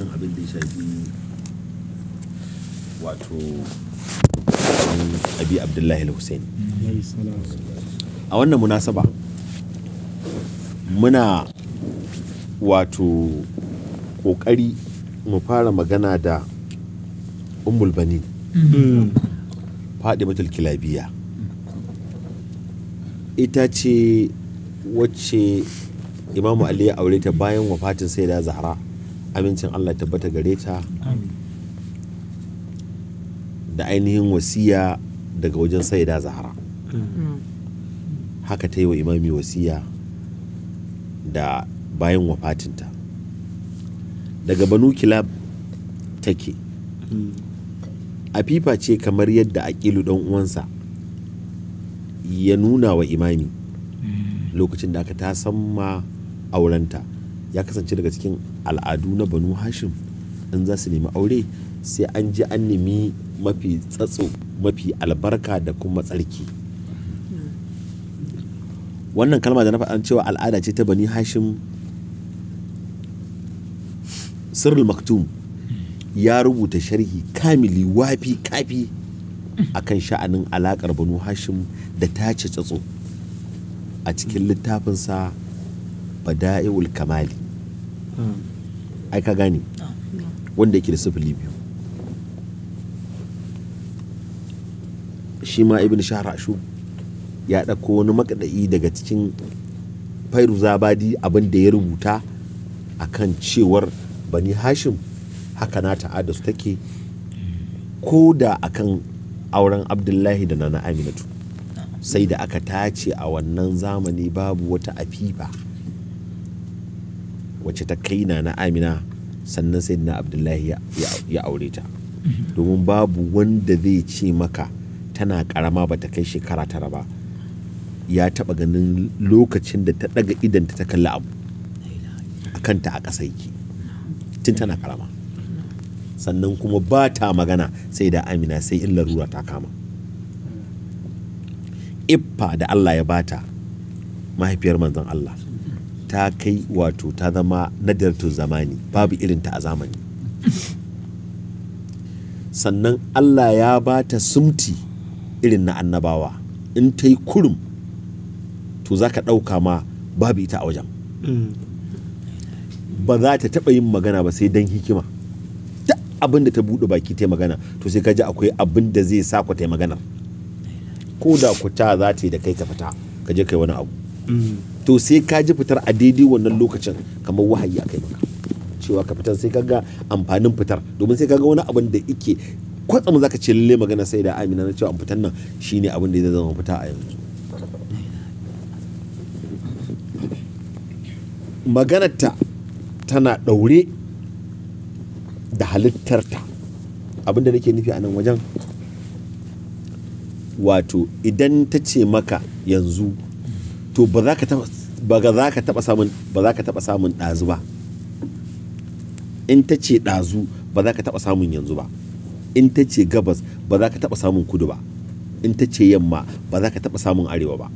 kan abin da ya shafi wato abi abdullahi al-hussein a wannan munasaba muna wato ƙoƙari mu fara magana da ummul faɗi mm. fadimatul kilabiya ita ce wacce imamu ali ya aure ta bayan wafatin sai da zahra amincin Allah tabbata gare ta da ainihin wasiya daga wajen saida zahara haka ta yi wa imami wasiya da bayan wafatinta daga banu kilab take afifa ce kamar yadda aƙilu ɗan uwansa ya nuna wa imami lokacin da aka ta samma aurenta ya kasance daga cikin al'adu na Banu Hashim in za su nemi aure sai an ji an nemi mafi tsatso mafi albarka da kuma tsarki wannan kalma da na faɗan cewa al'ada ce ta bani hashim sirrul maktum ya rubuta sharhi kamili wafi kafi akan sha'anin alaƙar banu hashim da tace tsatso a cikin littafinsa bada'i'ul kamali ai ka gane wanda yake da sifili biyu shi ma ibn shahrashu ya ɗauko wani makaɗa'i daga cikin fairu zabadi abin da ya rubuta a kan cewar bani hashim haka na ta'ada su take ko da a kan auren abdullahi da nana aminatu sai da aka tace a wannan zamani babu wata afifa wacce ta kai na na amina sannan sai na abdullahi ya aure ta domin babu wanda zai ce maka tana karama ba ta kai shekara tara ba ya taba ganin lokacin da ta daga idanta ta kalli abu a kanta a ƙasa yake tun tana karama sannan kuma ba ta magana sai da amina sai in larura ta kama iffa da allah ya bata mahaifiyar manzon allah ta kai wato ta zama nadartu zamani babu irinta a zamani sannan Allah ya ba ta sumti irin na annabawa in ta yi kurum to za ka ɗauka ma babu ita a wajen mm. ba za ta taɓa yin magana ba sai don hikima ta abin da ta buɗe baki ta magana to sai ka ji akwai abin da zai sa ku ta magana ko da ku ta za ta yi da kai ta fita ka je kai wani abu mm. to sai ka ji fitar a daidai wannan lokacin kamar wahayi a kai maka cewa ka fitar sai kaga amfanin fitar domin sai kaga wani abin da yake kwatsam zaka ce lalle magana sai da amina na cewa an fitar nan shine abin da zai zama fita a yanzu maganarta tana ɗaure da halittarta abin da nake nufi a nan wajen wato idan ta ce maka yanzu to ba za ka taba ba za ka taba samun ba za ka taba samun ɗazu ba in ta ce ɗazu ba za ka taba samun yanzu ba in ta ce gabas ba za ka taba samun kudu ba in ta ce yamma ba za ka taba samun arewa ba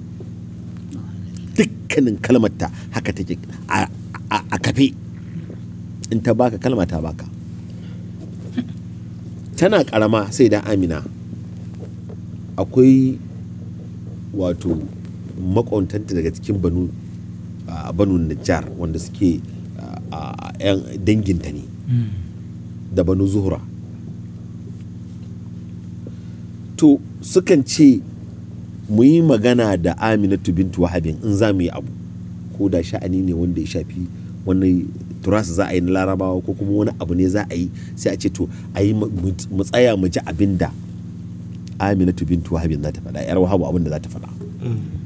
dukkanin kalmarta haka take a kafe in ta baka kalma ta baka tana karama sai da amina akwai wato makwantanta daga cikin banu banu najjar wanda suke yan danginta ne da banu zuhura to sukan ce mu yi magana da aminatu bintu wahabin in za mu yi abu ko da sha'ani ne wanda ya shafi wani turas za a yi na larabawa ko kuma wani abu ne za a yi sai a ce to a yi mu tsaya mu ji abin da aminatu bintu wahabin za ta faɗa yar wahabu abin da za ta faɗa mm.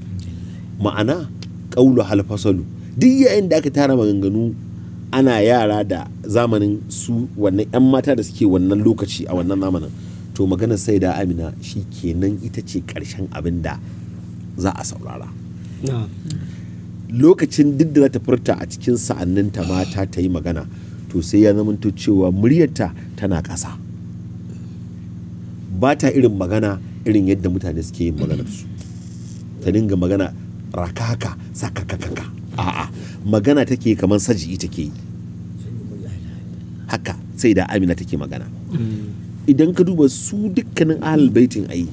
ma'ana ƙaulu halfasalu duk yayin da aka tara maganganu ana yara da zamanin su wannan 'yan mata da suke wannan lokaci a wannan zamanin to maganar sai da amina shi kenan ita ce ƙarshen abin da za a saurara lokacin duk da za ta furta a cikin sa'annin ta mata ta yi magana to sai ya zamanto cewa muryarta tana ƙasa ba ta irin magana irin yadda mutane suke yin maganarsu ta dinga magana rakaka sakakakaka a'a magana take kamar saji take yi haka sai da amina take magana mm. idan ka duba su dukkanin ahlul baitin ai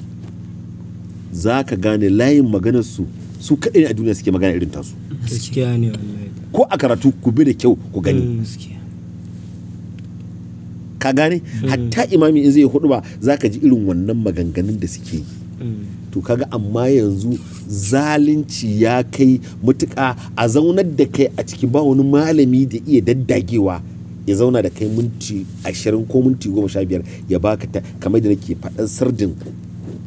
za ka gane layin maganar su su kaɗai ne a duniya suke magana irin tasu ko a karatu ku bi da kyau ku gani mm, ka gane mm. hatta imami in zai hudu ba za ka ji irin wannan maganganun da suke yi to kaga amma yanzu zalunci ya kai mutuka a zaunar da kai a ciki ba wani malami da iya daddagewa ya zauna da kai minti ashirin ko minti goma sha biyar ya baka ta kamar da nake faɗan sardin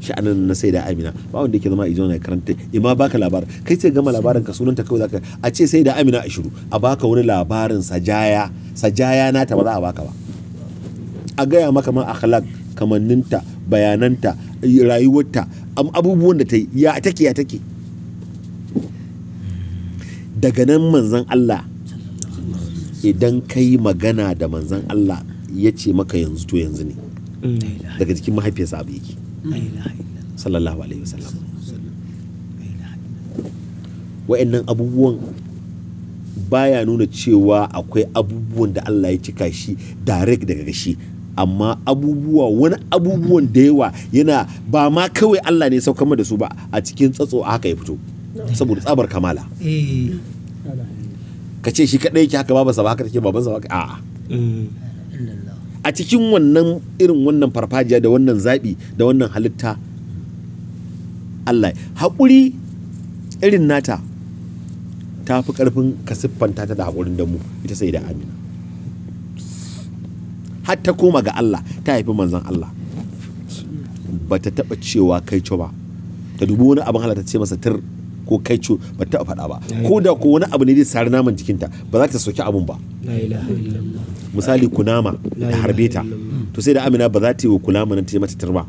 sha'anin na sai da amina ba wanda yake zama a izo na karanta ya ma baka labarin kai sai gama labarin ka sunanta kawai zaka a ce sai da amina a shiru a baka wani labarin sajaya sajaya nata ba za a baka ba a gaya maka ma akhlaq kamanninta bayananta rayuwarta abubuwan da ta yi ya take ya take daga nan manzan Allah idan ka yi magana da manzan Allah ya ce maka yanzu to yanzu ne daga jikin mahaifiyarsa abu yake sallallahu alaihi wasallam wa'annan abubuwan baya nuna cewa akwai abubuwan da Allah ya cika shi direct daga gashi amma abubuwa wani abubuwan da yawa yana ba ma kawai Allah ne saukar da su ba a cikin tsatso haka ya fito saboda tsabar kamala eh. ka ce shi kaɗai yake haka babansa ba haka take babansa ba a'a eh. a cikin wannan irin wannan farfajiya da wannan zaɓi da wannan halitta Allah haƙuri irin nata ta fi ƙarfin ka siffanta ta da haƙurin da mu ita sai da amina har ta koma ga Allah ta haifi manzon Allah ba ta taba cewa kai ba ta dubi wani abin halatta ce masa tur ko kai co ba ta faɗa ba ko da ko wani abu ne zai sari naman jikinta ba za ta soki abun ba misali kunama da harbe ta to sai da amina ba za ta yi wa kunama nan ta yi mata ba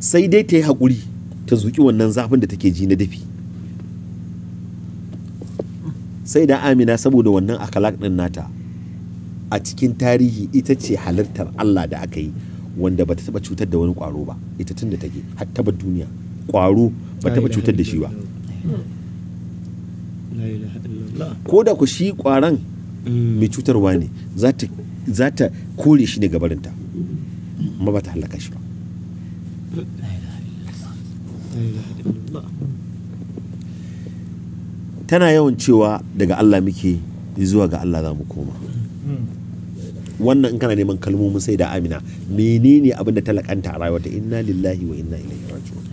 sai dai ta yi haƙuri ta zuƙi wannan zafin da take ji na dafi sai da amina saboda wannan akalak ɗin nata a cikin tarihi ita ce halittar Allah da aka yi wanda ba ta taba cutar da wani kwaro ba ita tun da take har taba duniya kwaro ba taba cutar da shi ba ko da ku shi kwaron mai cutarwa ne za ta kore shi ne gabarinta amma ba ta halaka shi ba tana yawan cewa daga Allah muke zuwa ga Allah za mu koma mm. wannan in kana neman kalmomin sai da amina menene abin da talakanta a rayuwarta inna lillahi wa inna ilaihi raji'un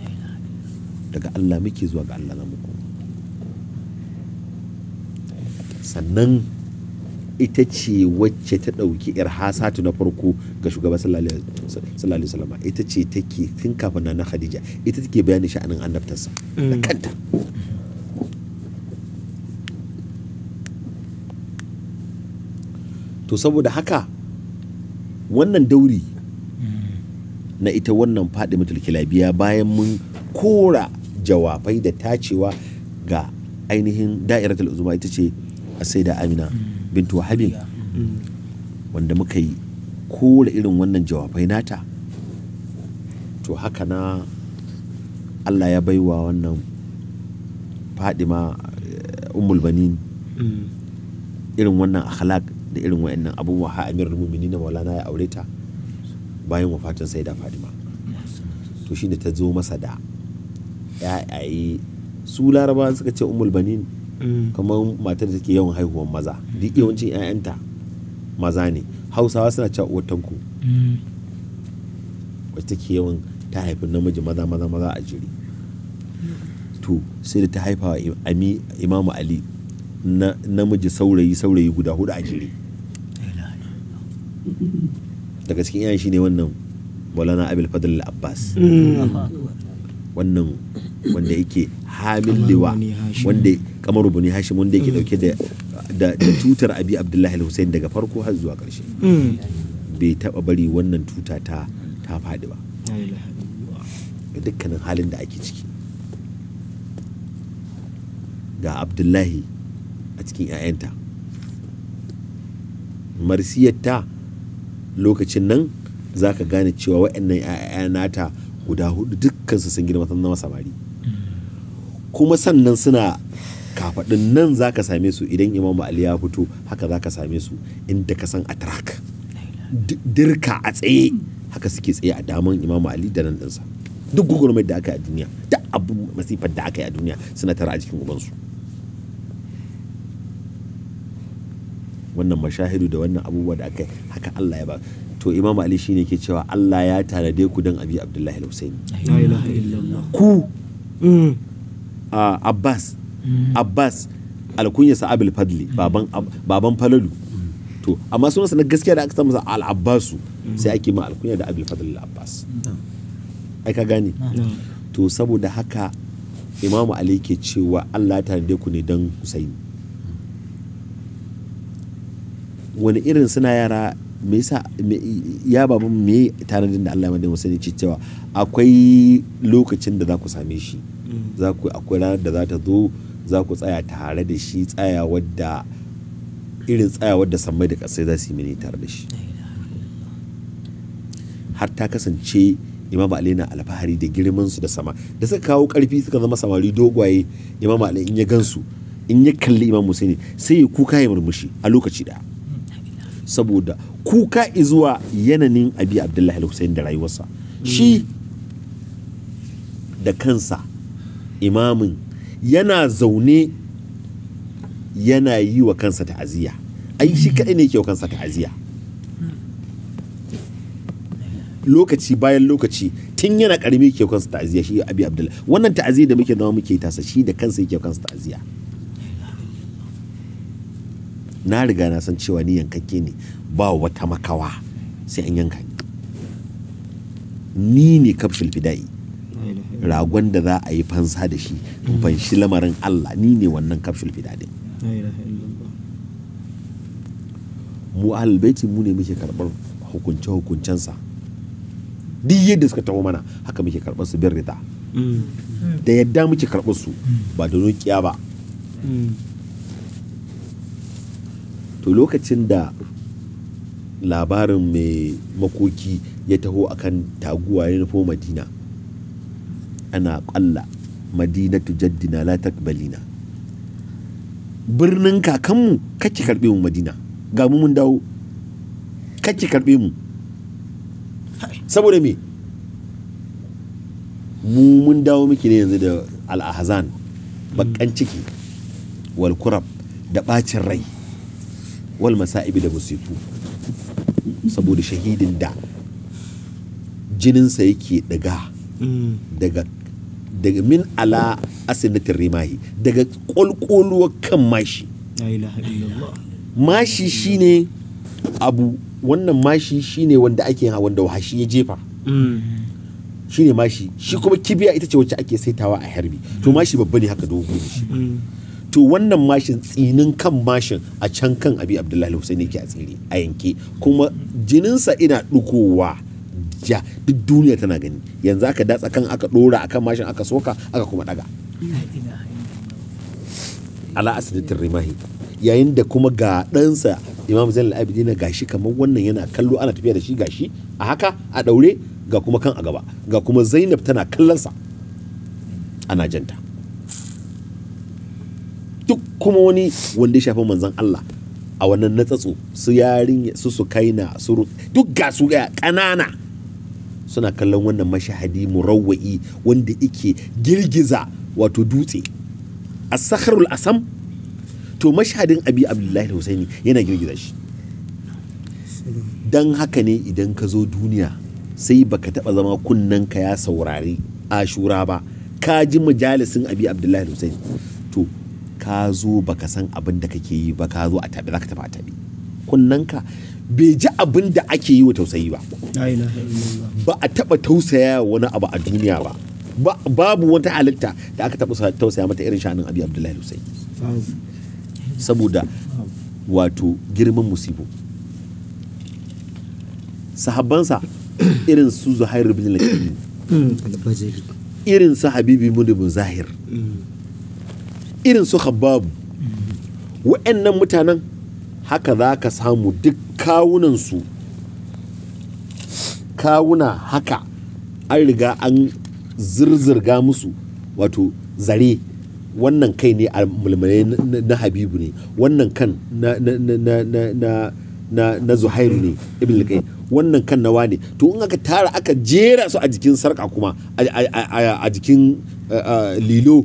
daga Allah muke zuwa ga Allah zamu sannan ita ce wacce ta ɗauki irhasatu na farko ga shugaban sallallahu alaihi wasallam ita ce take tun kafin na Khadija ita take bayanin sha'anin annabtarsa da mm. kanta to saboda haka wannan dauri na ita wannan faɗi kilabiya bayan mun kora jawabai da tacewa ga ainihin da'iratul uzuma ita ce a sai da amina bintu wahabin wanda muka yi kora irin wannan jawabai nata to haka na allah ya baiwa wannan fadi ma eh, umulbanin mm. irin wannan akhlaq da irin wa'annan abubuwa ha amir mumini na maulana ya aure ta bayan wafatin sai da fatima to shi da ta zo masa da ayi su laraba suka ce umul banin mm. kamar matar da take yawan haihuwar maza duk yawancin 'ya'yanta maza ne hausawa suna cewa uwar tanko mm. wacce take yawan ta haifi namiji maza maza maza a jiri to sai da ta haifa wa imamu ali namiji saurayi saurayi guda hudu a jiri daga cikin iyayen shi ne wannan maulana abil fadl abbas mm. wannan wanda yake hamil liwa wanda kamaru buni hashim wanda yake dauke da tutar abi abdullahi al daga farko har zuwa karshe mm. bai taba bari wannan tuta ta ta fadi ba ga dukkanin halin da ake ciki ga abdullahi a cikin 'ya'yanta ta lokacin nan za ka gane cewa waɗannan 'ya'ya nata guda hudu dukkansu sun girma sun zama samari kuma sannan suna kafaɗin nan za ka same su idan imamu ali ya fito haka za ka same su inda ka san atrak dirka a tsaye haka suke tsaye a daman imamu ali da nan ɗinsa duk gugurmai da aka yi a duniya duk abu masifar da aka yi a duniya suna tara a jikin ubansu wannan mashahidu da wannan abubuwa da aka haka Allah ya ba to Imam Ali shine ke cewa Allah ya tanade ku dan Abi Abdullahi Al-Husaini ku mm. Abbas mm. Abbas alkunya sa'abil Fadli mm. baban baban Falalu to amma sunansa na gaskiya da aka masa Al-Abbasu sai ake ma alkunya da abil Fadli Al-Abbas ai ka gane to saboda haka Imam Ali ke cewa Allah ya tanade ku ne dan Husaini wani irin suna yara me yasa ya babu me tanadin da Allah ya sani ce cewa akwai lokacin da za ku same shi mm. za ku akwai ranar da za ta zo za ku tsaya tare da shi tsaya wadda irin tsaya wadda sammai da kasai za su yi mini tare da shi har ta kasance imam ali na alfahari da girman su da sama da suka kawo karfi suka zama samari dogwaye imam ali in ya gansu in ya kalli imam musaini sai ya kuka ya murmushi a lokaci daya saboda kuka izuwa yananin abi abdullahi hussein da rayuwarsa shi da kansa imamin yana zaune yana yi wa kansa ta'aziyya ai shi kaɗai ne ke wa kansa ta'aziyya lokaci bayan lokaci tun yana ƙarami ke kansa ta'aziyya shi abi abdullahi wannan ta'aziyya da muke zama muke tasa shi da kansa yake kansa ta'aziyya na riga na san cewa ni yankakke ne ba wata makawa sai an yanka ni ne kafshul fida'i ragon da za a yi fansa da shi ban shi lamarin Allah ni ne wannan kafshul fida'i mu albaiti mu ne muke karɓar hukunce-hukuncensa duk yadda suka taho mana haka muke karɓar su bin rita mm. da yadda muke karɓar su ba da nukiya ba mm. to lokacin da labarin mai makoki ya taho akan taguwa ya nufo madina ana ƙalla madinatu jaddina la takbalina birnin kakanmu kacce karbe mu madina ga mu mun dawo kacce karbe mu saboda me mu mun dawo muke ne yanzu da al'ahazan bakan ciki walkurab da ɓacin rai wal masa'ibi da musifu saboda shahidin da jininsa yake daga mm. daga daga min ala asinatin rimahi daga kwalkwalwar kan mashi mashi shine abu wannan mashi shine wanda ake hawan wanda wahashi ya jefa mm. shine mashi shi kuma kibiya ita ce wacce ake saitawa a harbi to mm. mashi babba ne haka dogo shi to wannan mashin tsinin kan mashin a can kan abi abdullahi hussein yake a tsire a yanke kuma jininsa ina dukowa ja duk duniya tana gani yanzu aka datsa kan aka dora akan mashin aka soka aka kuma daga ala asibitin rimahi yayin da kuma ga ɗansa imam zainal abidina gashi kamar wannan yana kallo ana tafiya da shi gashi a haka a daure ga kuma kan a gaba ga kuma zainab tana kallonsa ana janta duk kuma wani wanda ya shafi manzon Allah a wannan natsatsu su yarin su su kaina su duk ga su ga ƙanana suna kallon wannan mashahadi murawwa'i wanda ike girgiza wato dutse A sakhrul asam to mashahadin abi abdullahi husaini yana girgiza shi dan haka ne idan ka zo duniya sai baka taba zama kunnen ka ya saurari ashura ba ka ji majalisin abi abdullahi husaini ka zo baka san abin da kake yi ba ka zo a tabi ka tafi a tabi kunnanka bai ji abin da ake yi wa tausayi ba ba a taba tausaya wani abu a duniya ba babu wata halitta da aka taba tausaya mata irin shanin abi abdullahi hussein saboda wato girman musibo sahabbansa irin su zuhairu bin mm. lakini irin su habibi bin zahir mm. irin su babu wa'annan mutanen haka za ka samu duk kawunansu kawuna haka an riga an zirzirga musu wato zare wannan kai ne a mulmulai na habibu ne wannan kan na zuhairu ne ibn likai wannan kan na wane to in aka tara aka jera su a jikin sarka kuma a jikin eh, eh, lilo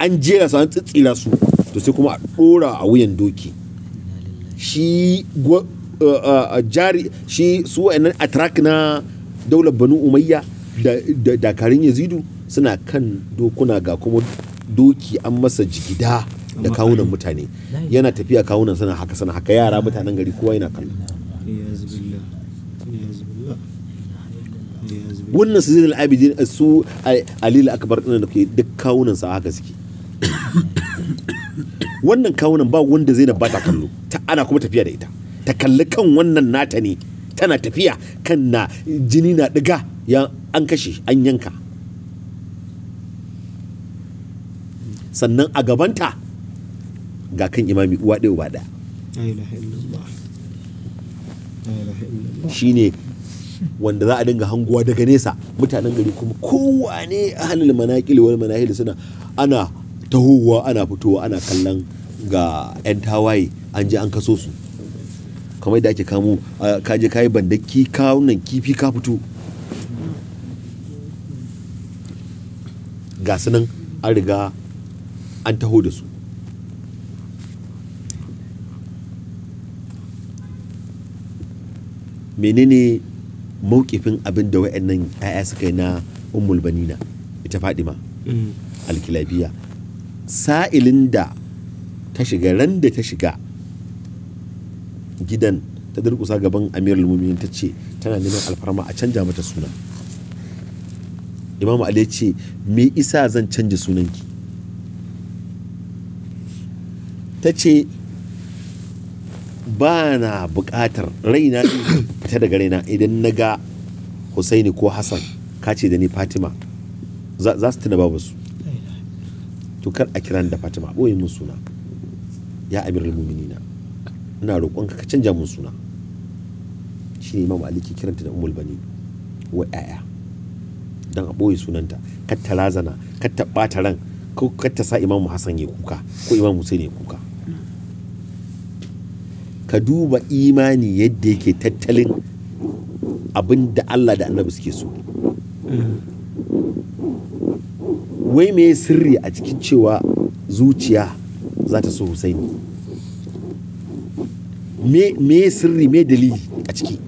an jera su an tsitsira su to sai kuma a ɗora a wuyan doki shi jari shi su wa'annan atrak na daular banu umayya da dakarun yazidu suna kan dokuna ga kuma doki an masa jigida da kawunan mutane yana tafiya kawunan sana haka sana haka yara mutanen gari kowa yana kallo wannan su zai al'abidin su alil akbar ɗin da ke duk kawunan sa haka suke wannan kawunan ba wanda zainab ba ta kallo ta ana kuma tafiya da ita ta kalli kan wannan nata ne tana tafiya kan na jini na diga ya an kashe an yanka sannan a gabanta ga kan imami uwa ɗaya uba ɗaya ne wanda za a dinga hanguwa daga nesa mutanen gari kuma kowane ahalil manakil wal manahil suna ana tahowa ana fitowa ana kallon ga 'yan tawaye an je an kaso su kamar da ake kamo ka kayi ka bandaki ka wannan kifi ka fito ga nan an riga an taho da su menene mawkifin abin da wa'annan 'ya'ya suka yi na umul banina ita fadima mm. alkilabiya sa'ilin da ta shiga ran da ta shiga gidan ta durkusa gaban amirul muminin ta ce tana neman alfarma a canja mata suna imamu ali ce me isa zan canja sunanki ta ce ba na bukatar raina ta daga raina idan na ga husaini ko hassan ka ce da ni fatima za su tuna babu su to kar a kiran da fatima ɓoye mun suna ya amirul na ina roƙon ka canja mun suna shi ne imam ali ke kiranta da umul bani wa yaya don a ɓoye sunanta kar ta razana kar ta ɓata ran ko kar ta sa imamu hassan ya kuka ko imamu sai ne kuka ka duba imani yadda yake tattalin abin da allah da annabi suke so mm. wai me sirri a cikin cewa zuciya za ta so husaini me sirri me dalili a ciki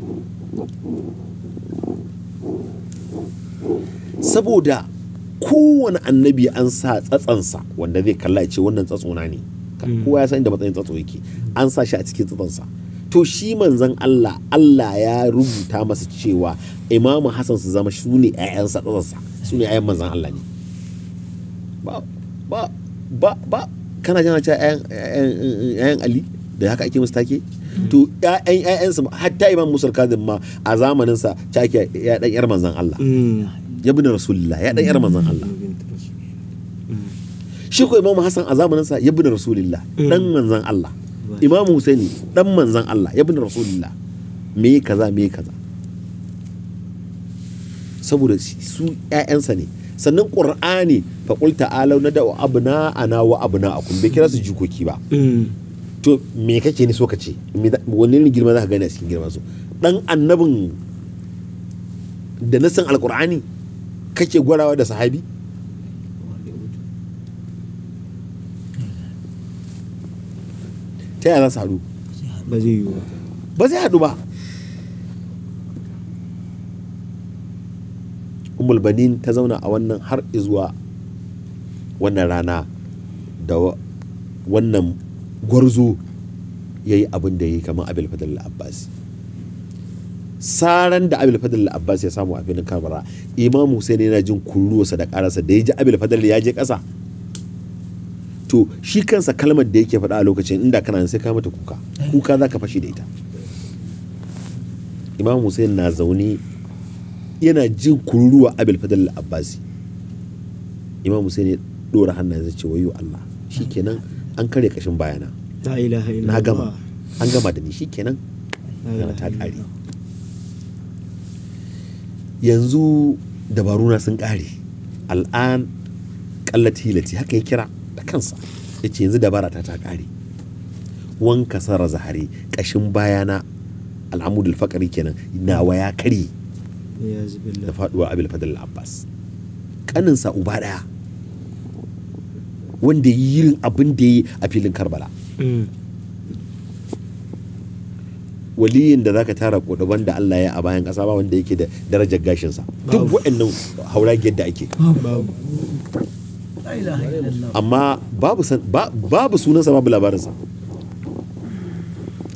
saboda kowane annabi an sa tsatsansa wanda zai kalla ce wannan tsatsona ne mm. kowa ya san inda matsayin tsatso yake an sa shi a cikin tsatsansa to shi manzan Allah Allah ya rubuta masa cewa imamu Hassan su zama su ne 'ya'yansa tsatsansa su ne 'ya'yan manzan Allah ne ba ba ba ba kana jana cewa ‘ya'yan ali da haka ake musu take hmm. to ‘ya'yan ‘ya'yansu hatta imam musul Kadin ma a zamaninsa ta ya ɗan ‘yar manzan Allah ya hmm. bin rasulullah ya ɗan ‘yar hmm. manzan Allah shi ko imam hassan a zamaninsa ya bin rasulullah ɗan manzan Allah imam husaini ɗan manzan Allah ya bin rasulullah me kaza me kaza saboda su ƴaƴansa ne sannan qur'ani fa qul ta'alu nad'u ana wa abna'akum bai kira su jikoki ba mm. to me kake ni so ka ce wani ne girma za ka gani a cikin girma su dan annabin da na san Alƙur'ani, kake gwarawa da sahabi ta yaya za su haɗu ba zai haɗu ba umulbanin ta zauna a wannan har izuwa. wannan rana da wannan gwarzo ya yi abin da ya yi kamar abil fadl abbas saran da abil fadl abbas ya samu a filin kamara imam hussein yana jin kuruwarsa da karasa da ya ji abil ya je kasa to shi kansa kalmar da yake faɗa a lokacin inda kana sai ka mata kuka kuka za ka fashe da ita imam hussein na zaune yana jin kururuwa abil fadl abbasi imam hussein ya dora hannayensa ce wayo allah shikenan an kare kashin bayana na gama an gama da ni shikenan ta kare yanzu dabaruna sun kare al'an kallati hilati haka ya kira da kansa ya ce yanzu dabara ta ta kare wanka sara zahari kashin bayana al'amudul fakari kenan nawa ya karye da faduwa abil fadl abbas kaninsa uba daya wanda yi yirin abin da yi a filin karbala mm. waliyin da zaka tara kudu wanda Allah ya a bayan kasa ba wanda yake da darajar gashinsa duk waɗannan hauragiyar da ake amma babu sunansa babu labarinsa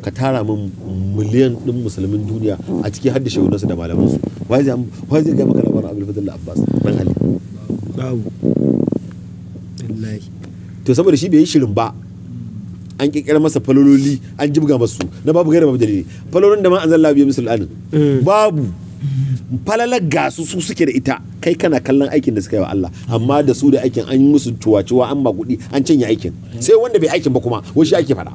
ka tara min miliyan ɗin musulmin duniya a ciki har da shagunansu da malamansu wai zai ga da abbas ban babu to saboda shi bai yi shirin ba an kirkira masa falololi an jibga masu na babu gaira babu dalili falolin da ma an zalla biyu musul babu falalar gasu su suke da ita kai kana kallon aikin da suka yi wa Allah amma da su da aikin an yi musu tuwa-tuwa an magudi an cinye aikin sai wanda bai aikin ba kuma wani shi ake fara.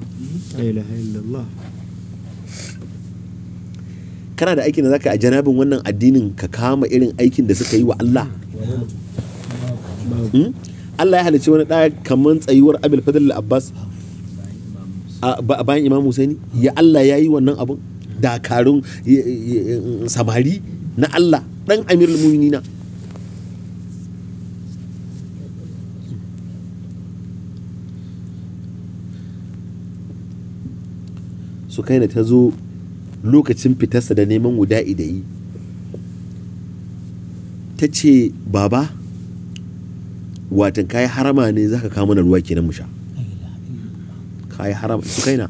kana da aikin da zaka a janabin wannan addinin ka kama irin aikin da suka yi wa Allah hmm? Allah ya halicci wani ɗaya kamar tsayuwar Abil Fadl Abbas bayan Imam Husaini ya Allah ya yi wannan abun dakarun samari na Allah ɗan Amirul Muminina su kai ta zo lokacin fitarsa da neman guda da yi ta ce baba watan kayi harama ne zaka kama mana ruwa kenan mu sha kayi harama su kaina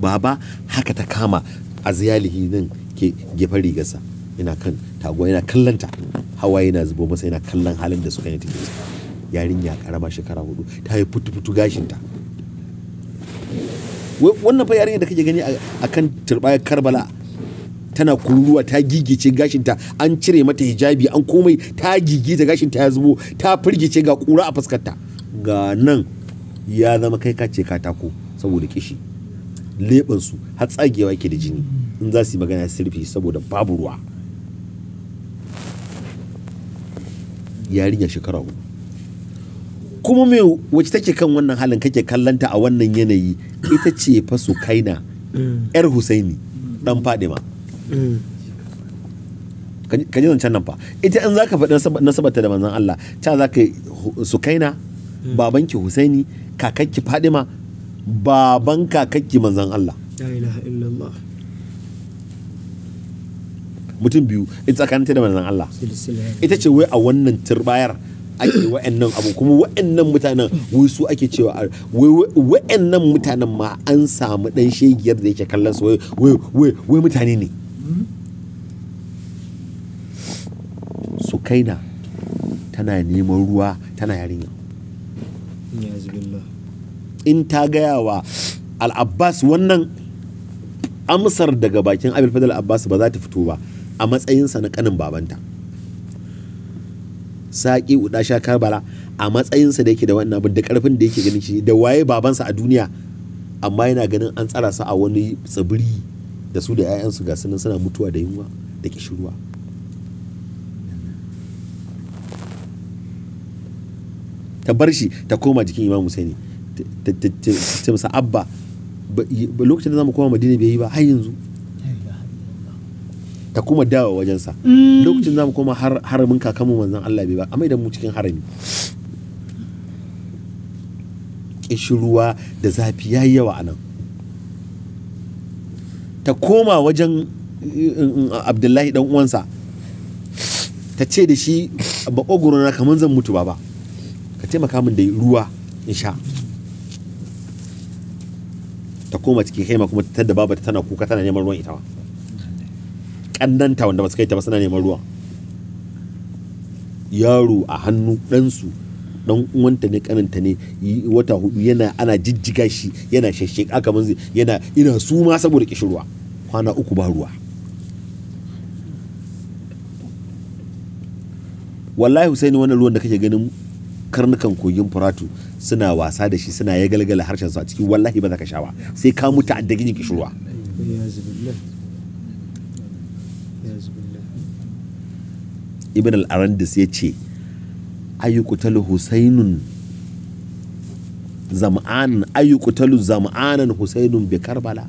baba haka ta kama a ziyalihi nan ke gefen rigarsa ina kan taguwa yana kallanta hawa yana zubo masa yana kallon halin da su kaina take yarinya karama shekara hudu ta yi futu-futu gashinta wannan fa yarinya da kake gani a kan turbayar karbala tana kururuwa ta gigice gashinta an cire mata hijabi an komai ta gigice gashinta ya zubo ta firgice ga kura a fuskarta ga nan ya zama kai ka ce katako saboda kishi leɓansu har tsagewa yake da jini in za su yi magana sirfi saboda babu ruwa yarinya shekara uku kuma me wacce take kan wannan halin kake kallanta a wannan yanayi ita ce fa su kaina mm. yar husaini dan fadima mm. ka ji zancen nan fa ita in zaka faɗi nasabarta da manzon Allah ta zaka su kaina mm. babanki husaini kakakki fadima baban kakakki manzon Allah mutum biyu ita ta da manzan Allah ita ce wai a wannan turbayar ake wa'annan abu kuma wa'annan mutanen wai su ake cewa wa'annan mutanen ma an samu dan shegiyar da yake kallon su wai mutane ne su kaina tana neman ruwa tana yarinya in ta gaya wa al'abbas wannan amsar daga bakin abil fadal abbas ba za ta fito ba a matsayinsa na kanin babanta saƙi uda sha karbala a matsayinsa da yake da wannan abin da karfin da yake ganin shi da waye babansa a duniya amma yana ganin an tsara su a wani tsibiri da su da 'ya'yansu ga sunan suna mutuwa da yunwa da kishirwa ta bar shi ta koma jikin imam husaini ta masa abba lokacin da za mu koma madina bai yi ba har yanzu ta kuma dawa wajensa mm. lokacin zamu koma haramin kakamu manzon Allah bai ba amma idan mu cikin harami Ƙishin ruwa da zafi ya yi yawa anan ta koma wajen Abdullahi dan uwansa ta ce da shi ba na kamar zan mutu ba ba ka taimaka min da ruwa in sha ta koma cikin haima kuma ta da babata tana kuka tana neman ruwan ita ba kannanta wanda ba kai ta ba suna neman ruwa yaro a hannu ɗansu dan uwanta ne kananta ne wata hudu yana ana jijjiga shi yana shashe aka manzi yana ina su ma saboda kishirwa kwana uku ba ruwa wallahi husaini wannan ruwan da kake ganin karnukan kogin furatu suna wasa da shi suna ya galgala harshen su a ciki wallahi ba za ka sha ba sai ka mutu a dagin kishirwa ibn al-arandis ya ce ayyukutalu husainun zam'anan ayyukutal zam'anan husainun bai karbala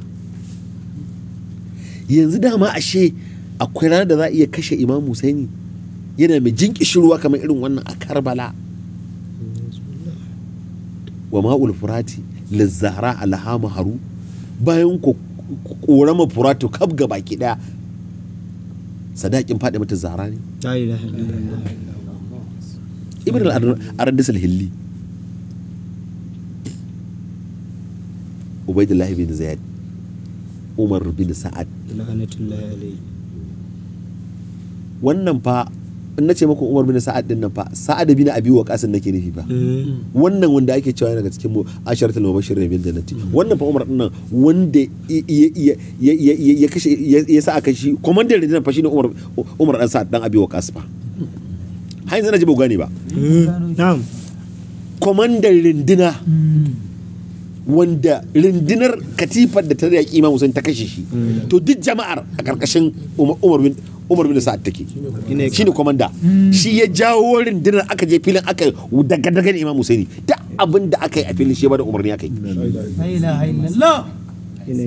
yanzu dama ashe akwai ranar da za a iya kashe imam husaini yana mai jinkishirwa kamar irin wannan a karbala wa ma'ul furati lizzara alhama haru bayan ku Furato furatu kaf gaba ki sadakin faɗi mata zara ne ibn al-ardis al-hilli ubaidullah bin zayad umar bin sa'ad wannan fa in ce muku Umar bin Sa'ad din nan fa Sa'ad bin Abi Waqas nake nufi ba eh. wannan wanda ake cewa daga cikin mu al mubashir bil jannati wannan fa Umar din nan wanda ya kashe ya sa aka shi komandar rundunar fa shine Umar Umar dan Sa'ad dan Abi Waqas fa har yanzu na ji ba gane ba eh, na'am komandar runduna wanda rindinar katifar da ta yaƙi ma Hussein ta kashe shi eh. to duk jama'ar a ƙarƙashin Umar umar bin sa'ad take shine komanda hmm. shi ya jawo wurin rundunar aka je filin aka daga daga ne imam husaini duk abin da aka yi a filin shi ba da umarni aka yi shine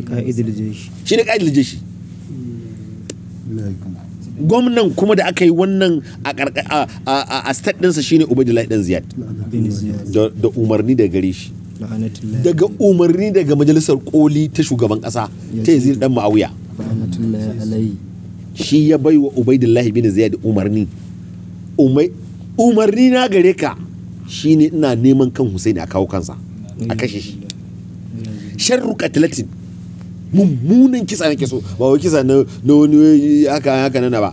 ka'idul jeshi shine ka'idul gwamnan kuma da aka yi wannan a state ɗinsa shine ubaidullahi dan ziyad da umarni da gare shi daga umarni daga majalisar koli ta shugaban kasa ta yazid dan ma'awiya shi ya bai wa ubaidillahi bin ziyad umarni umarni na gare ka shine ina neman kan husaini a kawo kansa a kashe shi sharru katalatin mummunan kisa nake so ba wai kisa na wani haka haka nana ba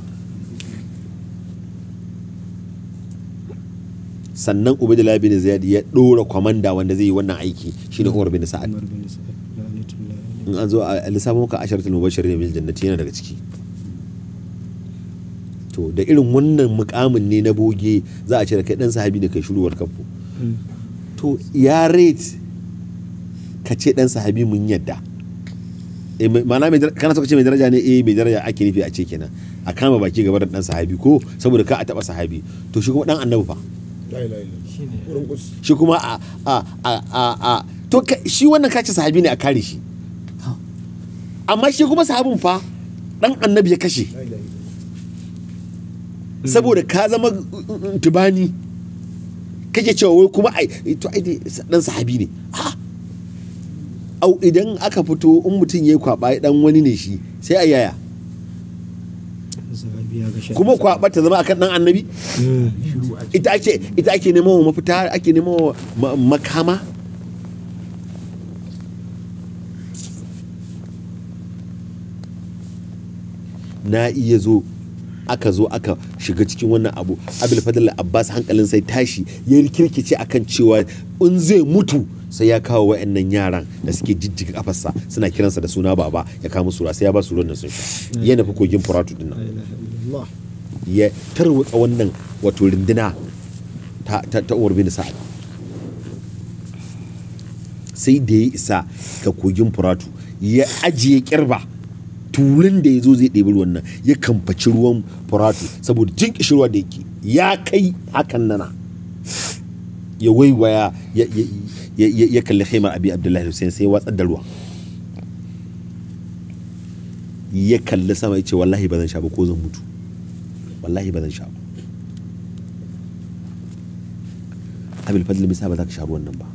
sannan ubaidullahi bin ziyad ya dora kwamanda wanda zai yi wannan aiki shine umar bin sa'ad in an zo a lissafin ka asharatul mubashir ne bil jannati yana daga ciki to da irin wannan mukamin ne na boge za a cire kai dan sahabi da kai shuruwar kafu mm. to ya rate ka ce dan sahabi mun yadda eh, mana kana so ka ce mai daraja ne eh mai daraja ake nufi a ce kenan a kama baki gaba da dan sahabi ko saboda ka a taba sahabi to shi kuma dan annabi fa shi kuma a a a a to shi wannan kace sahabi ne a kare shi amma shi kuma sahabin fa dan annabi ya kashe saboda ka zama uh, uh, uh, tubani kake cewa wai kuma ai to ai dan sahabi ne au idan aka fito in mutum ya kwaba dan wani ne shi sai a yaya kuma kwaba ta zama akan dan annabi eh. ita ake ita ake nemo mafita ake nemo makama na iya zo aka zo aka shiga cikin wannan abu abul fadl abbas hankalin sai tashi ya rikirkice akan cewa in zai mutu sai ya kawo wa'annan yaran da suke jijjiga kafarsa suna kiransa da suna baba ya kama sura sai ya ba su ruwan sun sha ya nufi kogin furatu dinnan ya tarwatsa wannan wato rindina ta ta umar bin sa'ad sai da ya isa ga kogin furatu ya ajiye kirba turin da ya zo zai ɗebi ruwan nan ya kamfaci ruwan furatu saboda jin kishirwa da yake ya kai hakan nana ya waiwaya ya kalli haimar abi abdullahi hussein sai watsar da ruwa ya kalli sama ya ce wallahi ba zan sha ba ko zan mutu wallahi ba zan sha ba abil fadl bisa ba za ka sha ruwan nan ba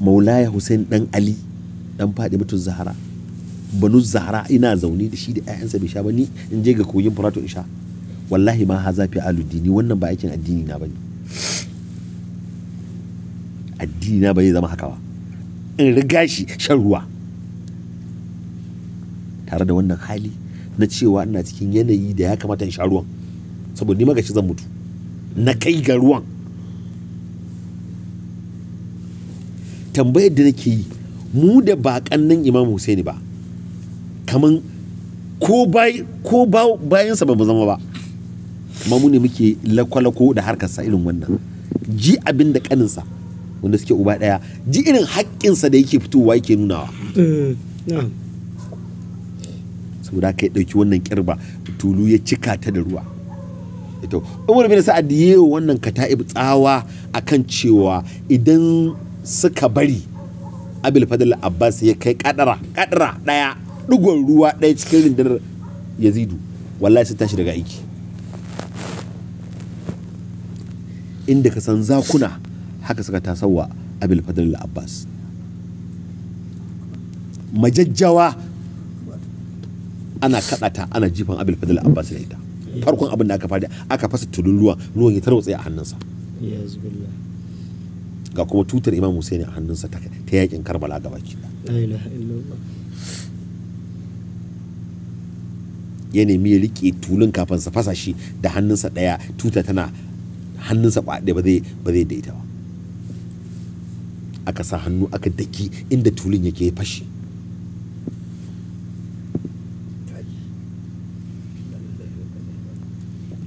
maulaya hussein dan ali dan faɗi mutun zahara banu zahara ina zaune da shi da ƴaƴansa bai sha ba ni in je ga kogin furato in sha wallahi ma haza fi aludini wannan ba aikin addini na bane addini na bane zama haka ba in riga shi shan ruwa tare da wannan hali na cewa ina cikin yanayi da ya kamata in sha ruwan saboda ni magashi zan mutu na kai ga ruwan tambayar da nake yi mu da ba nan imam Husaini ba kaman ko ko bayan sa ba mu zama ba kuma mu ne muke lakwalako da harkar sa irin wannan ji abin da kanin sa wanda suke uba daya ji irin haƙƙin sa da yake fitowa yake nunawa eh, saboda kai dauki wannan kirba tulu ya cika ta da ruwa ito umar bin sa'ad yi wannan kata'ib tsawa akan cewa idan suka bari abil fadil abbas ya kai kadara kadara daya digon ruwa daya cikin rindunar yazidu wallahi sai tashi daga aiki inda ka san zakuna haka suka tasawa abil fadil abbas majajjawa ana kadata ana jifan abil fadil abbas da ita farkon abin da aka fada aka fasa tulun ruwan ruwan ya tarwatsa a hannunsa ga kuma tutar imam Hussein a hannunsa ta yakin Karbala ga baki ya nemi ya rike tulun kafin sa fasa shi da hannunsa daya tuta tana hannunsa kwaɗe ba zai ba zai daita ba aka sa hannu aka daki inda tulun yake fashi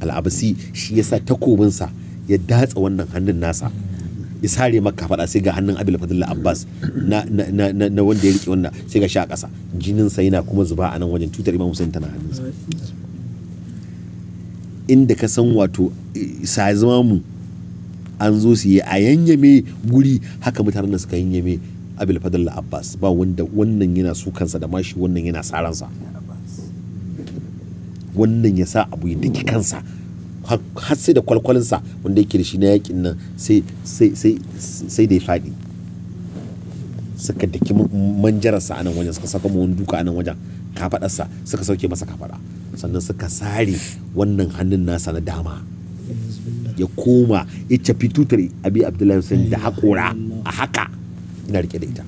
al'abasi shi ya sa takobinsa ya datsa wannan hannun nasa ya maka faɗa sai ga hannun abil fadilla abbas na wanda ya rike wannan sai ga sha ƙasa jinin sa yana kuma zuba a nan wajen tutar imam hussein tana hannunsa inda ka san wato eh, sa zama mu an zo su yi a yanyame guri haka mutanen da suka yanyame abil fadalla abbas ba wanda wannan yana su kansa da mashi wannan yana saransa wannan ya sa abu ya daki kansa har sai da kwalkwalinsa wanda yake da shi na yakin nan sai da ya faɗi suka daki manjararsa a nan wajen suka saka wani duka a nan wajen kafaɗarsa suka sauke masa kafaɗa sannan suka sare wannan hannun nasa na dama ya koma ya cafi tutar abi abdullahi hussein da haƙora a haka ina rike da ita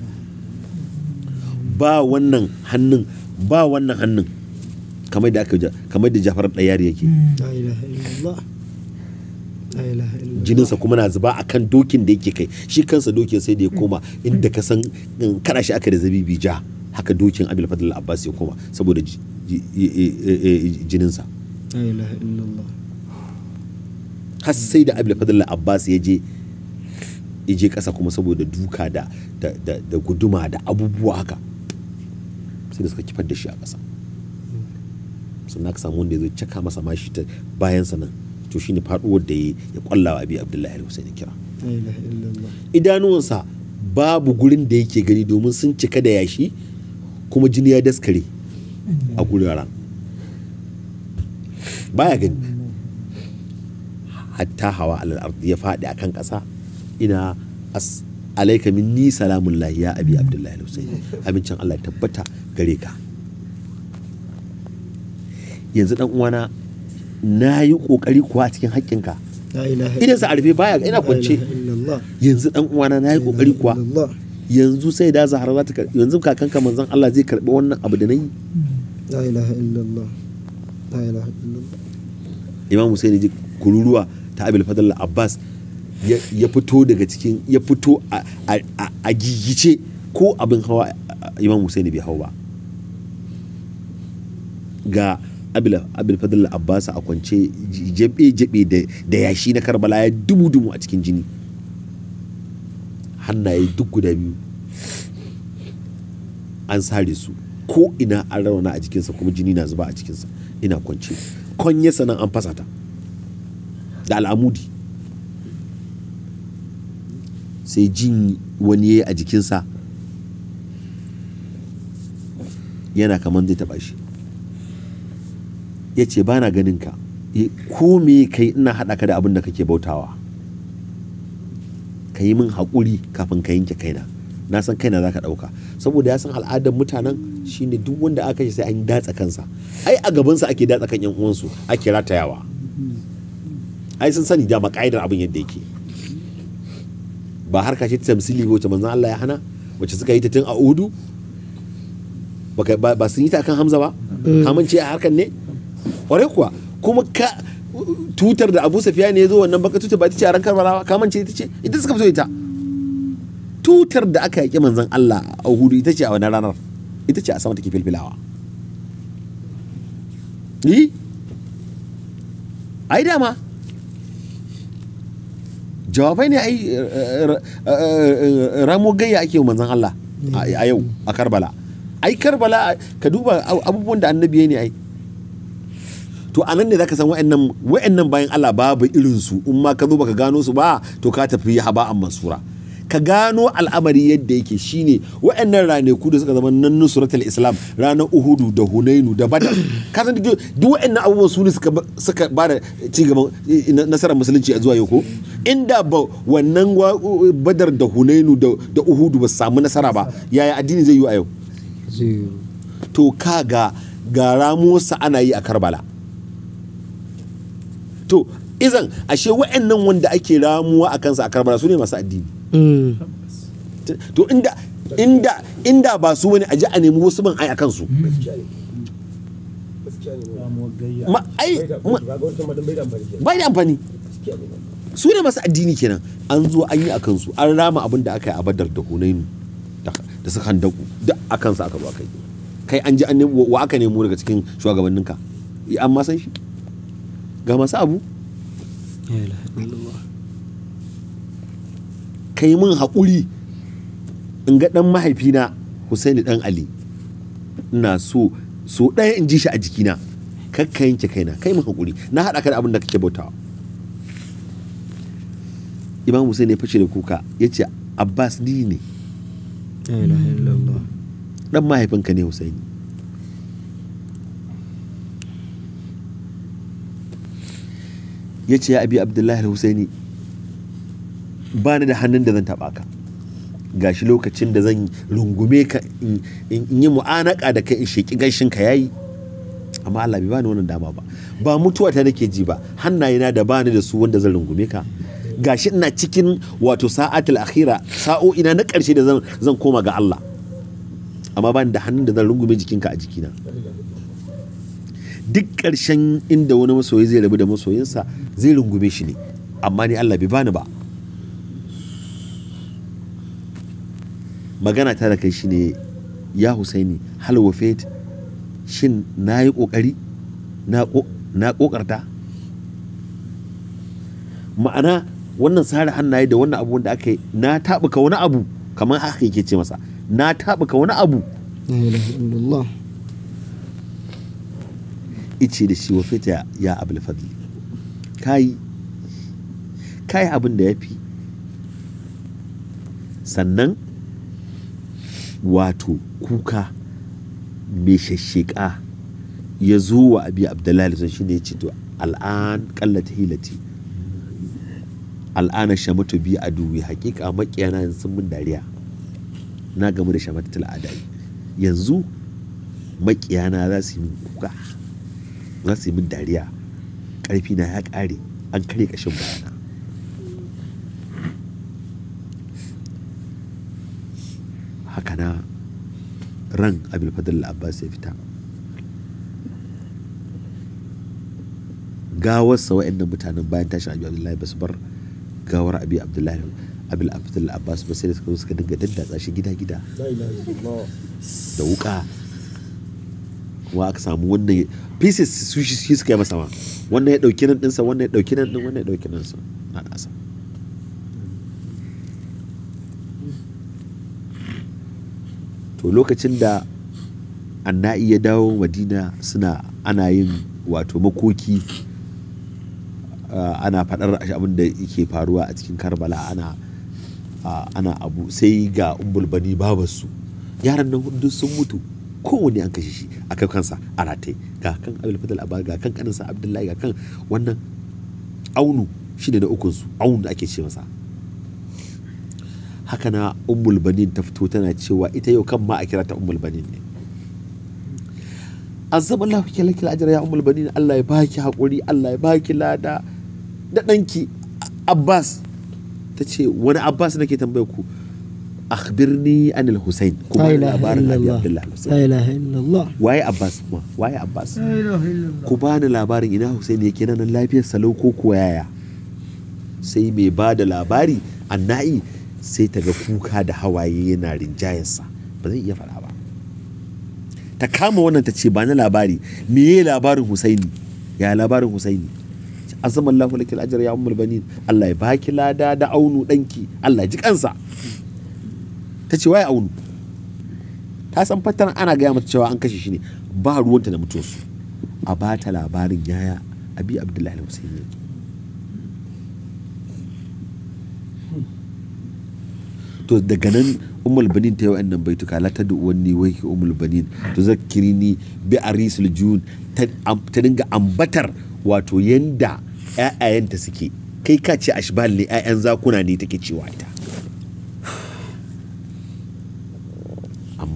ba wannan hannun ba wannan hannun kamar da aka kamar da Jafar Dayar yake hmm. jininsa kuma na zuba a kan dokin da yake kai shi kansa dokin sai da ya hmm. koma inda ka san kada shi aka da zabibi ja haka dokin abil fadl abbas ya koma saboda jininsa har sai da abil fadl abbas ya je ya je kasa kuma saboda duka da guduma da abubuwa haka sai da suka kifar da shi a kasa sannan aka samu wanda ya zo caka masa mashi ta bayan sanan to shi ne faduwar da ya kwallawa abi abdullahi al ya kira idanuwansa babu gurin da yake gani domin sun cika da yashi kuma jini ya daskare a guraren baya gani hatta hawa alal ya faɗi akan ƙasa ina alaikamin ni salamun lahiya abi abdullahi al-husaini abincin Allah tabbata gare ka yanzu dan uwana na yi kokari kuwa a cikin haƙƙinka idan sa arfe baya ina kwance yanzu dan uwana na yi kokari kuwa yanzu sai da zahara za ta karbi yanzu kakanka manzon Allah zai karbi wannan abu da nayi la ilaha illallah la ilaha illallah imam Hussein ji kururuwa ta Abul Fadl Abbas ya fito daga cikin ya fito a gigice ko abin hawa imam Hussein bai hau ba ga abil fadl abbas a kwance jabe jabe da yashi na karbala ya dubu dubu a cikin jini hannaye duk guda biyu an sare su ko ina an rauna a jikinsa kuma jini na zuba a cikinsa ina kwance kwanye sanan an fasa ta da al'amudi sai jin wani ya yi a jikinsa yana kamar zai taba shi ya ce ba na ganin ka ko me kai ina haɗa ka da abin da kake bautawa ka yi min haƙuri kafin ka yanke kaina na san kaina za ka ɗauka saboda ya san al'adar mutanen shine duk wanda aka shi sai an datsa kansa ai a gabansa ake datsa kan yan uwansu ake ratayawa ai sun sani dama ka'idar abin yadda yake ba harka ce ta tamsili ba wacce manzan Allah ya hana wacce suka yi ta tun a udu ba sun yi ta kan hamza ba kamance a harkar ne kwarai kuwa kuma ka tutar da Abu Safiya ne ya zo wannan baka tutar ba ta ce a ran Karbala ka ce ita ce ita suka fito ita tutar da aka yaƙi manzan Allah a hudu ita ce a wannan ranar ita ce a sama take filfilawa yi ai dama jawabai ne ai eh, eh, eh, ramo gayya ake yi manzan Allah a yau a Karbala ai Karbala ka duba abubuwan da annabi ne ai to anan ne zaka san wa'annan wa'annan bayan Allah babu irin su in ma ka zo baka gano su ba to ka tafi an mansura ka gano al'amari yadda yake shine wa'annan ranaku da suka zama nan nusratul islam ranar uhudu da hunainu da badar ka san duk wa'annan abubuwa su ne suka suka bada ci gaban eh, nasarar musulunci a zuwa yau ko inda ba wannan badar da hunainu da uhudu ba samu nasara ba yaya addini zai yi a yau to kaga ga ramuwarsa ana yi a karbala to izan ashe wa'annan wanda ake ramuwa a kansa a karbara su ne masu addini mm. to inda inda inda ba su wani aji a nemi wasu ban ai a kansu ba da amfani su ne masu addini kenan an zo an yi a kansu an rama abin da aka yi a badar da hunainu da su handaku da a kansa aka zo aka yi kai an ji an nemi wa aka nemo daga cikin shugabanninka an ma san shi ga masu abu ka yi min haƙuri in ga ɗan mahaifina Husaini ɗan Ali ina so so ɗaya in ji shi a jikina kakka yanke kaina kai min haƙuri na haɗa ka da abin da kake bautawa Imam Husaini ya fashe da kuka ya ce Abbas ni ne ɗan mahaifinka ne Husaini ya ce ya abi abdullahi husaini ba ni da hannun da zan taɓa ka gashi lokacin da zan rungume ka in yi mu'anaka da kai in sheki gashin ka yayi amma Allah bai bani wannan dama ba ba mutuwa ta nake ji ba hannayena da bani da su wanda zan rungume ka gashi ina cikin wato sa'atul akhira sa'o'ina na karshe da zan koma ga Allah amma ni da hannun da zan rungume jikinka a jikina duk ƙarshen inda wani masoyi zai rabu da masoyinsa zai rungume shi ne amma ni Allah bai bani ba magana ta da kai shi ne ya Husaini halwa fet shin na yi ƙoƙari na ƙoƙarta ma'ana wannan sare hannaye da wannan abu wanda aka yi na taɓuka wani abu kamar haka yake ce masa na taɓuka wani abu ice da shi wa fita ya abul fadli kai yi abin da ya fi sannan wato kuka mai shashshika ya zo wa abi abdullahi sun shi ne ya ce to al'an kallata hilati al'ana shamatu bi a duwi hakika maƙiyana yanzu sun min dariya na gamu da shamatu al'adai yanzu maƙiyana za su yi min kuka za su yi min dariya ƙarfi na ya ƙare an karya ƙashin bayana haka na ran abdulfadar abbas ya fita gawarsa wa'annan mutanen bayan tashin abu abdullahi ba su bar gawar abi abdullahi abil abdul abbas ba sai da suka suka dinga daddatsa shi gida gida da wuka kuma aka samu wannan pieces su shi suka yi masa ma wannan ya dauki nan dinsa wannan ya dauki nan din wannan ya dauki nan sa na dasa to lokacin da anna'i ya dawo madina suna ana yin wato makoki ah, ana faɗar abin da yake faruwa a cikin karbala ana ah, ana abu sai ga umbul bani babarsu yaran nan duk sun mutu Kowane an kashe shi a kai kansa a rataye ga kan abul fadl abar ga kan kaninsa abdullahi ga kan wannan aunu shi ne na ukun su aunu da ake ce masa haka na ummul banin ta fito tana cewa ita yau kan ma a kira ta ummul banin ne azab Allah ki laki la'ajar ya ummul banin Allah ya baki hakuri Allah ya baki lada da danki Abbas ta ce wani Abbas nake tambayar ku akhbirni anil husain kuma labarin Ali abdullah ilaha illallah waye abbas kuma waye abbas ku bani labarin ina husain yake nan lafiyar salau ko koyaya. yaya sai mai ba da labari annai sai ta ga kuka da hawaye yana sa ba zai iya faɗa ba ta kama wannan ta ce ba na labari me labarin husaini ya labarin husaini azaman lafi lakil ajar ya ummul banin Allah ya baki lada da aunu danki Allah ji kansa ta ce waye audu ta san fatan ana gaya mata cewa an kashe shi ne ba ruwanta da mutuwarsu a ba ta labarin yaya abi abdullahi al-husaini to daga nan umul banin ta yi wa'annan baituka la ta duwanni wani waiki umul banin to zakiri ni bi arisul jun ta dinga ambatar wato yanda 'ya'yayanta suke kai ka ce ashbal ne 'ya'yan zakuna ne take cewa ita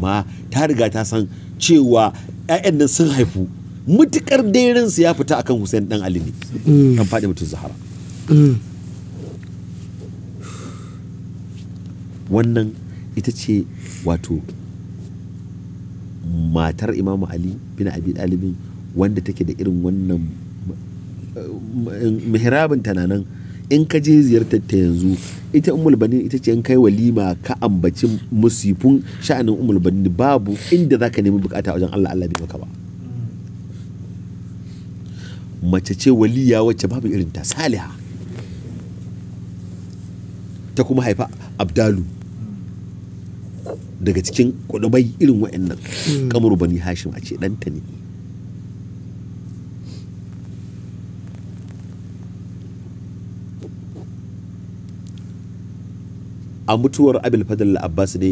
amma ta riga ta san cewa 'ya'yan nan sun haifu mutukar su ya fita akan Hussein dan Ali ne kan mm. faɗi mutum Zahara mm. wannan ita ce wato matar Imam Ali bin Abi Dalibin wanda take da irin wannan eh, mihrabin tananan in ka je ziyartar ta yanzu ita umul banin ita ce in kai walima ka ambaci musifun sha'anin umul banin babu inda zaka nemi bukata wajen Allah Allah bai maka ba mace ce waliya wacce babu irin ta saliha ta kuma haifa abdalu daga cikin kudubai irin wa'annan hmm. kamar bani hashim a ce ɗanta ne a mutuwar abil fadl abbas ne